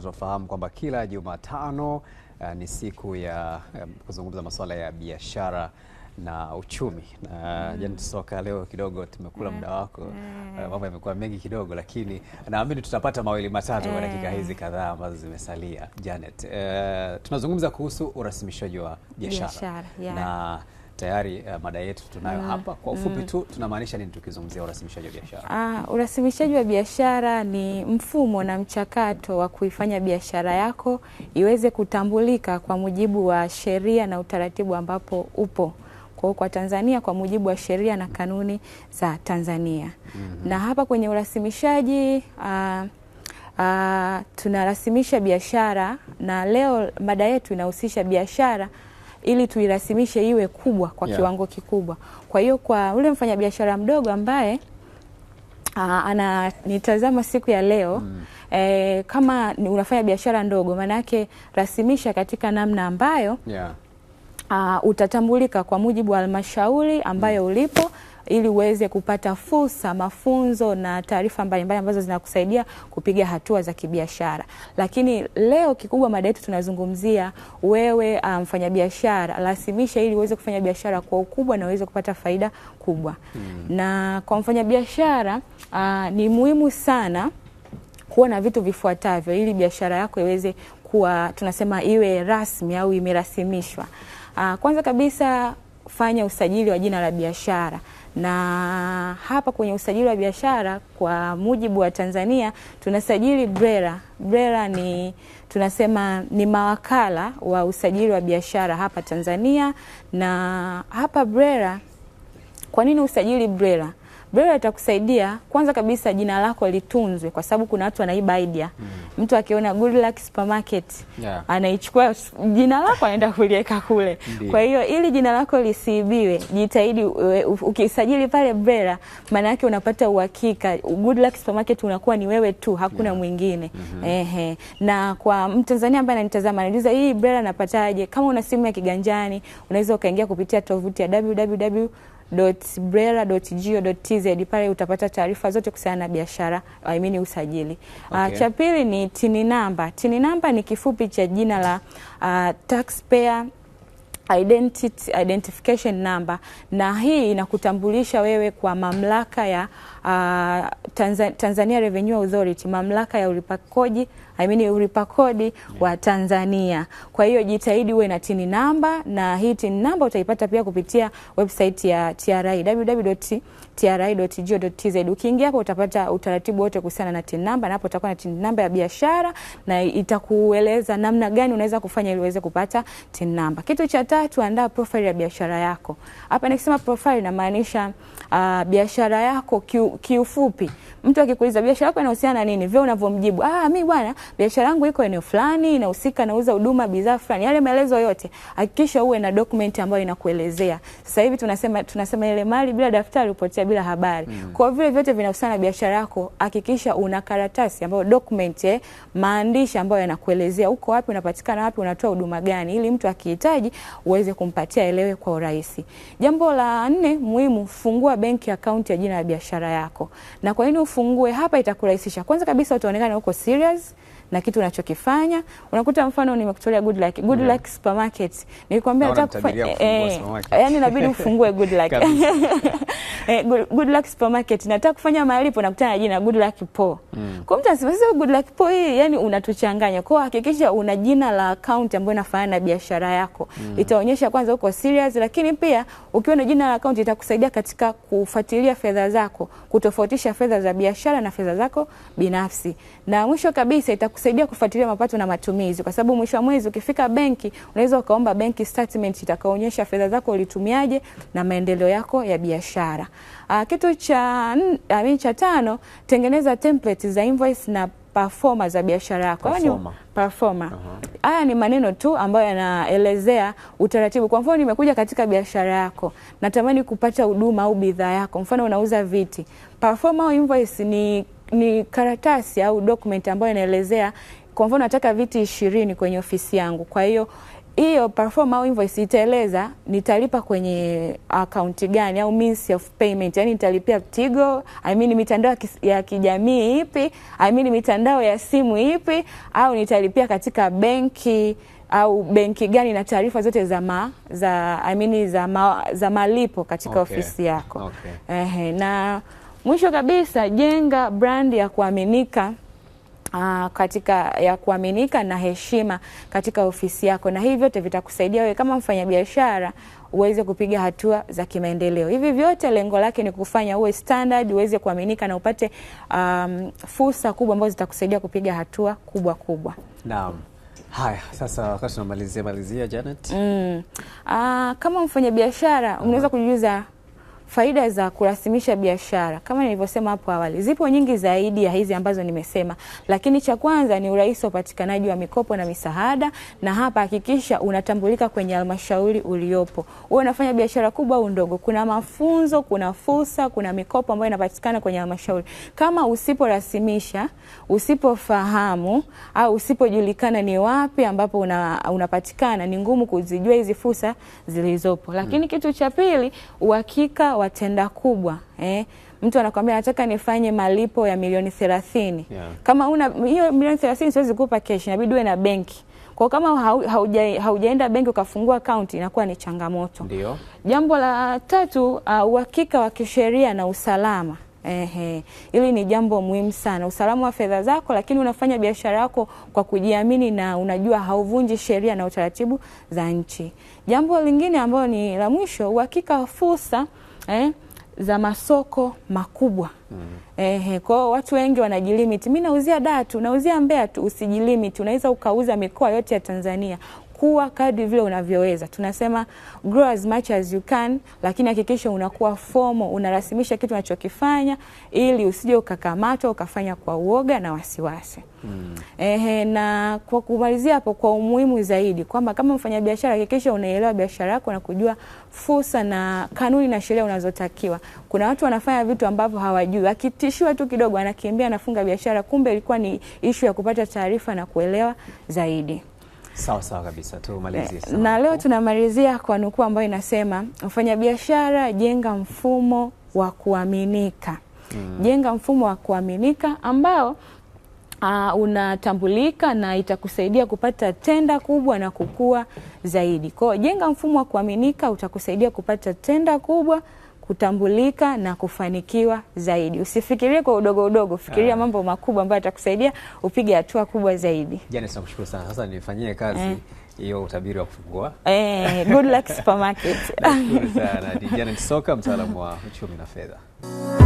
Tunafahamu kwamba kila Jumatano uh, ni siku ya um, kuzungumza masuala ya biashara na uchumi na eh, mm. Jana Soka, leo kidogo tumekula muda mm. wako mm. Uh, mambo yamekuwa mengi kidogo, lakini naamini tutapata mawili matatu kwa mm. dakika hizi kadhaa ambazo zimesalia. Janet, uh, tunazungumza kuhusu urasimishaji wa biashara yeah. na tayari uh, mada yetu tunayo mm. hapa kwa ufupi mm. tu tunamaanisha nini tukizungumzia urasimishaji wa biashara? Ah, urasimishaji wa biashara ni mfumo na mchakato wa kuifanya biashara yako iweze kutambulika kwa mujibu wa sheria na utaratibu ambapo upo kwa, kwa Tanzania kwa mujibu wa sheria na kanuni za Tanzania mm -hmm. na hapa kwenye urasimishaji uh, uh, tunarasimisha biashara na leo mada yetu inahusisha biashara ili tuirasimishe iwe kubwa kwa yeah, kiwango kikubwa. Kwa hiyo kwa ule mfanyabiashara mdogo ambaye ananitazama siku ya leo mm. eh, kama unafanya biashara ndogo, maana yake rasimisha katika namna ambayo yeah uh, utatambulika kwa mujibu wa halmashauri ambayo mm. ulipo ili uweze kupata fursa, mafunzo na taarifa mbalimbali ambazo zinakusaidia kupiga hatua za kibiashara. Lakini leo kikubwa mada yetu tunazungumzia wewe uh, mfanyabiashara, um, lazimisha ili uweze kufanya biashara kwa ukubwa na uweze kupata faida kubwa. Hmm. Na kwa mfanyabiashara uh, ni muhimu sana kuwa na vitu vifuatavyo ili biashara yako iweze kuwa tunasema iwe rasmi au imerasimishwa. Uh, kwanza kabisa fanya usajili wa jina la biashara na hapa kwenye usajili wa biashara kwa mujibu wa Tanzania tunasajili BRELA. BRELA ni tunasema ni mawakala wa usajili wa biashara hapa Tanzania, na hapa BRELA, kwa nini usajili BRELA? Braille atakusaidia kwanza kabisa jina lako litunzwe, kwa sababu kuna watu wanaiba idea mm. Mtu akiona Good Luck Supermarket yeah. Anaichukua jina lako anaenda kuliweka kule. Kwa hiyo ili jina lako lisiibiwe, jitahidi ukisajili pale Braille, maana yake unapata uhakika Good Luck Supermarket unakuwa ni wewe tu, hakuna yeah. mwingine mm -hmm. Ehe. Na kwa Mtanzania ambaye ananitazama anauliza hii Braille napataje? Kama una simu ya kiganjani unaweza ukaingia kupitia tovuti ya www brela.go.tz pale utapata taarifa zote kuhusiana na biashara I mean usajili. Ah, okay. Uh, cha pili ni tini namba. Tini namba ni kifupi cha jina la uh, taxpayer identity, identification number na hii inakutambulisha wewe kwa mamlaka ya uh, Tanzania, Tanzania Revenue Authority, mamlaka ya ulipakoji I mean ulipakodi wa Tanzania. Kwa hiyo jitahidi uwe na TIN namba, na hii TIN namba utaipata pia kupitia website ya TRI www.tri.go.tz. Ukiingia hapo utapata utaratibu wote kuhusiana na TIN namba, na hapo utakuwa na TIN namba ya biashara na itakueleza namna gani unaweza kufanya ili uweze kupata TIN namba. Kitu cha tatu, andaa profile ya biashara yako. Hapa nikisema profile inamaanisha uh, biashara yako kiu, kiufupi, mtu akikuuliza biashara yako inahusiana na nini, vile unavyomjibu ah, mi bwana, biashara yangu iko eneo fulani, inahusika nauza huduma bidhaa fulani, yale maelezo yote hakikisha uwe na dokumenti ambayo inakuelezea. Sasa hivi tunasema tunasema ile mali bila daftari upotea bila habari mm. Kwa vile vyote vinahusiana na biashara yako, hakikisha una karatasi ambayo dokumenti, eh, maandishi ambayo yanakuelezea uko wapi, unapatikana wapi, unatoa huduma gani, ili mtu akihitaji uweze kumpatia elewe kwa urahisi. Jambo la nne muhimu, fungua benki akaunti ya jina la biashara yako yako, na kwa nini ufungue hapa, itakurahisisha. Kwanza kabisa utaonekana uko serious na kitu unachokifanya. Unakuta mfano nimekutolea Good Luck, Good Luck mm-hmm. Supermarket nilikwambia nataka kufanya eh, eh yani inabidi ufungue Good Luck eh, Good, Good Luck Supermarket nataka kufanya malipo, nakutana na jina Good Luck Po mm. kwa mtu sio Good Luck Po hii, yani unatuchanganya. Kwa hakikisha una jina la account ambayo inafanana na biashara yako mm. itaonyesha kwanza uko serious, lakini pia ukiwa na jina la account itakusaidia katika kufuatilia fedha zako, kutofautisha fedha za biashara na fedha zako binafsi, na mwisho kabisa itakusaidia itakusaidia kufuatilia mapato na matumizi, kwa sababu mwisho wa mwezi ukifika benki unaweza ukaomba benki statement itakayoonyesha fedha zako ulitumiaje na maendeleo yako ya biashara. Uh, Kitu cha, uh, cha tano, tengeneza template za invoice na performa za biashara yako yaani performa. Haya ni maneno tu ambayo yanaelezea utaratibu. Kwa mfano, nimekuja katika biashara yako, natamani kupata huduma au bidhaa yako, mfano unauza viti. Performa au invoice ni ni karatasi au document ambayo inaelezea, kwa mfano nataka viti ishirini kwenye ofisi yangu, kwa hiyo hiyo perform au invoice itaeleza nitalipa kwenye akaunti gani au means of payment, yani nitalipia Tigo, I mean mitandao ya kijamii ipi, I mean mitandao ya simu ipi, au nitalipia katika benki au benki gani, na taarifa zote za ma, za I mean za, ma, za malipo katika okay, ofisi yako okay. Ehe, na Mwisho kabisa, jenga brand ya kuaminika Aa, ah, katika ya kuaminika na heshima katika ofisi yako, na hivi vyote vitakusaidia wewe kama mfanyabiashara uweze kupiga hatua za kimaendeleo. Hivi vyote lengo lake ni kufanya uwe standard, uweze kuaminika na upate um, fursa kubwa ambazo zitakusaidia kupiga hatua kubwa kubwa. Naam. Haya, sasa wakati tunamalizia malizia, Janet. Mm. Aa, ah, kama mfanyabiashara unaweza kujiuza Faida za kurasimisha biashara kama nilivyosema hapo awali zipo nyingi zaidi ya hizi ambazo nimesema, lakini cha kwanza ni urahisi wa upatikanaji wa mikopo na misaada, na hapa hakikisha unatambulika kwenye halmashauri uliopo, wewe unafanya biashara kubwa au ndogo. Kuna mafunzo, kuna fursa, kuna mikopo ambayo inapatikana kwenye halmashauri. Kama usiporasimisha, usipofahamu au usipojulikana ni wapi ambapo una, unapatikana, ni ngumu kuzijua hizi fursa zilizopo. Lakini hmm, kitu cha pili uhakika watenda kubwa eh? Mtu anakwambia nataka nifanye malipo ya milioni thelathini yeah. Kama una hiyo milioni thelathini siwezi kupa cash, inabidi uwe na benki kwa kama haujaenda hauja benki ukafungua akaunti inakuwa ni changamoto. Ndio. Jambo la tatu, uh, uhakika wa kisheria na usalama. Ehe, hili ni jambo muhimu sana, usalama wa fedha zako, lakini unafanya biashara yako kwa kujiamini na unajua hauvunji sheria na utaratibu za nchi. Jambo lingine ambalo ni la mwisho, uhakika wa fursa eh, za masoko makubwa mm. Eh, kwao watu wengi wanajilimiti, mi nauzia Dar tu, nauzia Mbeya tu. Usijilimiti, unaweza ukauza mikoa yote ya Tanzania kuwa kadri vile unavyoweza. Tunasema grow as much as you can, lakini hakikisha unakuwa fomo, unarasimisha kitu unachokifanya ili usije ukakamatwa ukafanya kwa uoga na wasiwasi. Mm. Ehe, na kwa kumalizia hapo, kwa umuhimu zaidi kwamba kama mfanyabiashara hakikisha unaelewa biashara yako na kujua fursa na kanuni na sheria unazotakiwa. Kuna watu wanafanya vitu ambavyo hawajui, akitishiwa tu kidogo anakimbia, anafunga biashara, kumbe ilikuwa ni ishu ya kupata taarifa na kuelewa zaidi. Sawa sawa kabisa, tumalizie eh, sawa. Na leo tunamalizia kwa nukuu ambayo inasema, mfanyabiashara, jenga mfumo wa kuaminika hmm. Jenga mfumo wa kuaminika ambao Uh, unatambulika na itakusaidia kupata tenda kubwa na kukua zaidi. Kwa jenga mfumo wa kuaminika, utakusaidia kupata tenda kubwa kutambulika na kufanikiwa zaidi. Usifikirie kwa udogo udogo, fikiria ah. mambo makubwa ambayo atakusaidia upige hatua kubwa zaidi. Janice, nakushukuru sana. Sasa nifanyie kazi eh. hiyo eh, utabiri wa kufungua eh, Good Luck Supermarket. Nashukuru sana Soka, mtaalamu wa uchumi na fedha.